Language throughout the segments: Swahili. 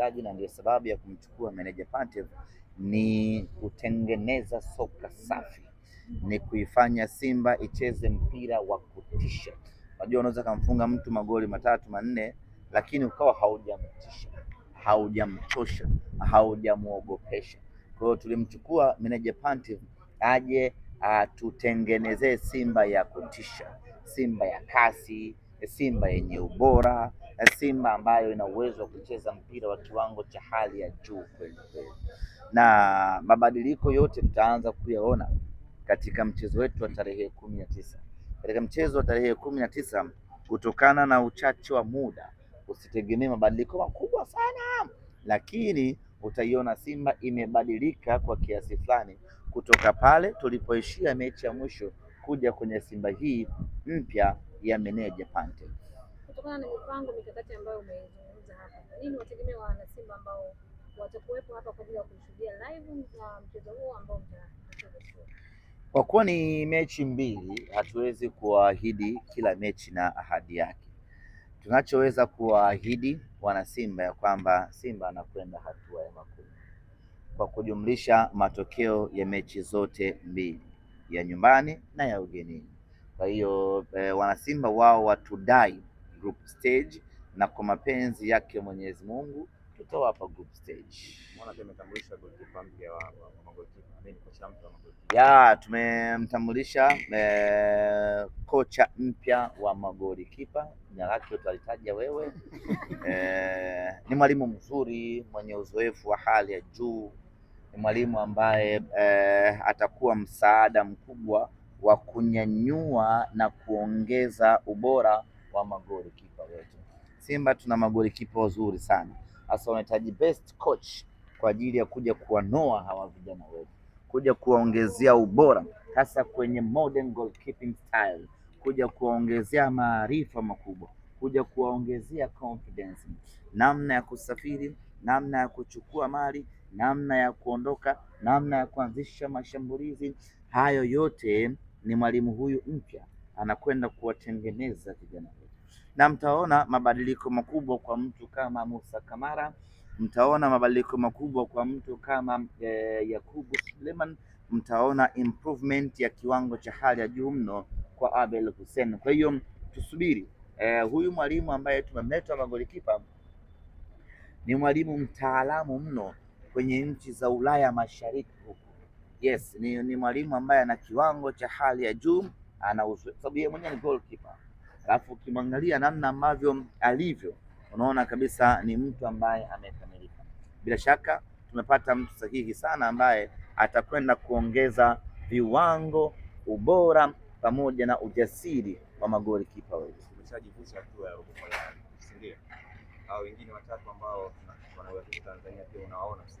mchezaji na ndio sababu ya kumchukua meneja Pantev ni kutengeneza soka safi, ni kuifanya Simba icheze mpira wa kutisha. Unajua, unaweza kumfunga mtu magoli matatu manne, lakini ukawa haujamtisha, haujamchosha, haujamuogopesha. Kwa hiyo tulimchukua meneja Pantev aje atutengenezee Simba ya kutisha, Simba ya kasi Eh, Simba yenye ubora, Simba ambayo ina uwezo wa kucheza mpira wa kiwango cha hali ya juu kweli kweli, na mabadiliko yote tutaanza kuyaona katika mchezo wetu wa tarehe kumi na tisa. Katika mchezo wa tarehe kumi na tisa, kutokana na uchache wa muda, usitegemee mabadiliko makubwa sana, lakini utaiona Simba imebadilika kwa kiasi fulani kutoka pale tulipoishia mechi ya mwisho kuja kwenye Simba hii mpya ya meneja Pante. Kutokana na mipango mikakati ambayo umeizungumza hapa, nini wategemea wana Simba ambao watakuwepo hapa kwa ajili ya kushuhudia live na mchezo huo ambao kwa kuwa ni mechi mbili, hatuwezi kuwaahidi kila mechi na ahadi yake. Tunachoweza kuwaahidi wana Simba ya kwamba Simba anakwenda hatua ya makundi kwa kujumlisha matokeo ya mechi zote mbili, ya nyumbani na ya ugenini. Kwa hiyo e, wanasimba wao watudai group stage, na kwa mapenzi yake Mwenyezi Mungu tutawapa group stage. Ya tumemtambulisha e, kocha mpya wa magoli eh, kipa, jina lake utalitaja wewe e, ni mwalimu mzuri mwenye uzoefu wa hali ya juu, ni mwalimu ambaye e, atakuwa msaada mkubwa wa kunyanyua na kuongeza ubora wa kipa wetu. Simba tuna kipa wazuri sana, hasa wanahitaji best coach kwa ajili ya kuja kuwanoa hawa vijana wetu, kuja kuwaongezea ubora hasa kwenye modern goalkeeping style, kuja kuwaongezea maarifa makubwa, kuja kuwaongezea confidence, namna ya kusafiri, namna ya kuchukua mali, namna ya kuondoka, namna ya kuanzisha mashambulizi, hayo yote ni mwalimu huyu mpya anakwenda kuwatengeneza vijana wetu, na mtaona mabadiliko makubwa kwa mtu kama Musa Kamara, mtaona mabadiliko makubwa kwa mtu kama eh, Yakubu Suleiman, mtaona improvement ya kiwango cha hali ya juu mno kwa Abel Hussein. Kwa hiyo tusubiri eh, huyu mwalimu ambaye tumemleta magolikipa ni mwalimu mtaalamu mno kwenye nchi za Ulaya Mashariki huku Yes, ni, ni mwalimu ambaye ana kiwango cha hali ya juu, ana uzoefu sababu yeye mwenyewe ni goalkeeper. Alafu ukimwangalia namna ambavyo alivyo, unaona kabisa ni mtu ambaye amekamilika. Bila shaka tumepata mtu sahihi sana ambaye atakwenda kuongeza viwango, ubora pamoja na ujasiri wa magoli kipa wetu. Tumeshajivusha ya robo ndio? Hao wengine watatu ambao wanawakilisha Tanzania pia unawaona msimu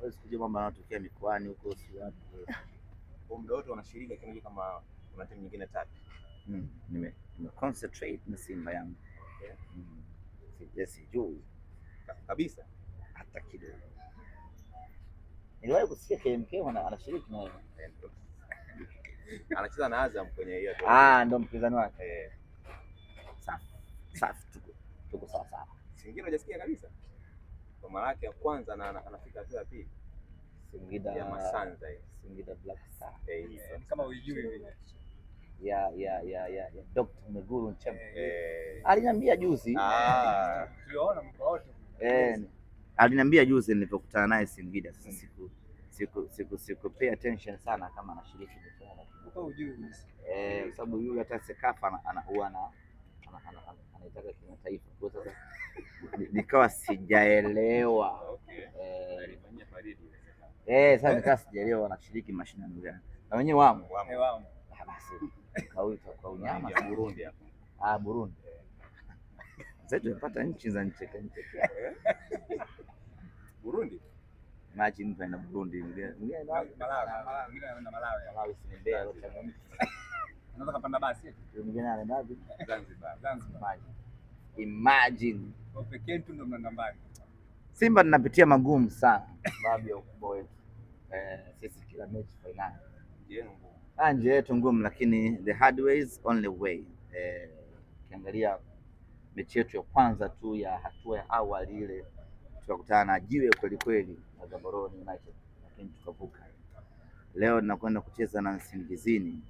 Huwezi mambo yanatokea mikoani huko, si wapi. muda wote wanashiriki, lakini kama kuna timu nyingine tatu. Mm, nime concentrate na Simba yangu. Hmm, Sijui kabisa hata kidogo. Niliwahi kusikia KMK anashiriki na anacheza na Azam kwenye hiyo. Ah, ndo mpinzani wake. Eh. Safi. Safi tuko. Tuko sawa sawa. hujasikia kabisa mara yake ya kwanza na anafika hatua ya pili Singida ya Masanza hiyo, Singida Black Star Hey, eh, Ni kama unajui hivi ya ya ya ya Dr. Meguru Nchemba eh, eh. aliniambia juzi, Ah. tuliona mko wote eh, aliniambia juzi nilipokutana naye Singida. Sasa hmm. siku siku siku siku pay attention sana kama anashiriki michezo, kwa sababu yule hata sekafa ana ana anaitaka kimataifa kwa sasa nikawa sijaelewa okay. Eh. eh, sasa nikawa sijaelewa wanashiriki mashindano gani na wenyewe wamo wamo. kwa eh, ah, unyama Burundi hapo ah, Burundi zetu tumepata nchi za ncheke ncheke Burundi mtu aenda Burundi Malawi, Malawi, Malawi, kupanda basi eti. mwingine anaenda wapi? Zanzibar. Zanzibar. Imagine. Kwa pekee tu mbali. Simba ninapitia magumu sana sababu ya ukubwa wetu. Eh, sisi kila mechi fainali. Ndio ah, yetu ngumu lakini the hard ways only way. Eh, ukiangalia mechi yetu ya kwanza tu ya hatua ya awali ile tukakutana na jiwe kweli kweli na Gaborone United lakini tukavuka. Leo nakwenda kucheza na Msingizini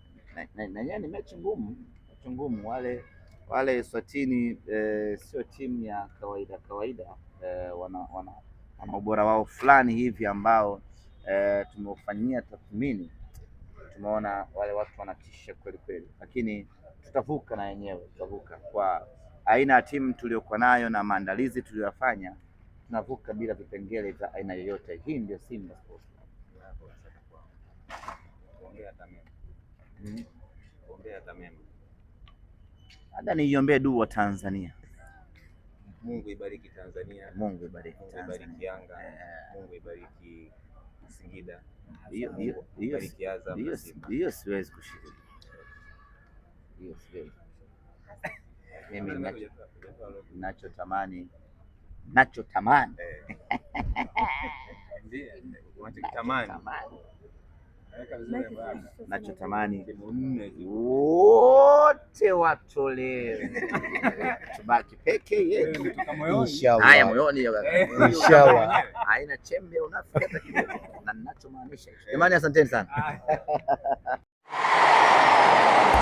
na na, ni mechi ngumu, mechi ngumu. Wale wale Swatini e, eh, sio timu ya kawaida kawaida e, wana, wana, wana ubora wao fulani hivi ambao e, tumeufanyia tathmini, tumeona wale watu wanatisha kweli kweli, lakini tutavuka na yenyewe, tutavuka kwa aina ya timu tuliyokuwa nayo na maandalizi tuliyoyafanya, tunavuka bila vipengele vya aina yoyote. Hii ndio Simba Sports Club. Ombea tamema. Labda niiombee dua wa Tanzania. Mungu ibariki Tanzania. Mungu ibariki Tanzania. Mungu ibariki Yanga. Eh, eh. Mungu ibariki Singida. Hiyo hiyo hiyo siwezi kushiriki. Hiyo siwezi. Mimi ninachotamani nachotamani eh. Nachotamani wote watolewe, tubaki peke yetu. Haya, moyoni eh, inshallah, haina chembe ya kidogo, na ninachomaanisha eh. jamani. Asanteni sana.